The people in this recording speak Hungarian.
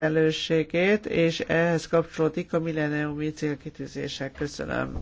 felelősségét, és ehhez kapcsolódik a millenniumi célkitűzések. Köszönöm.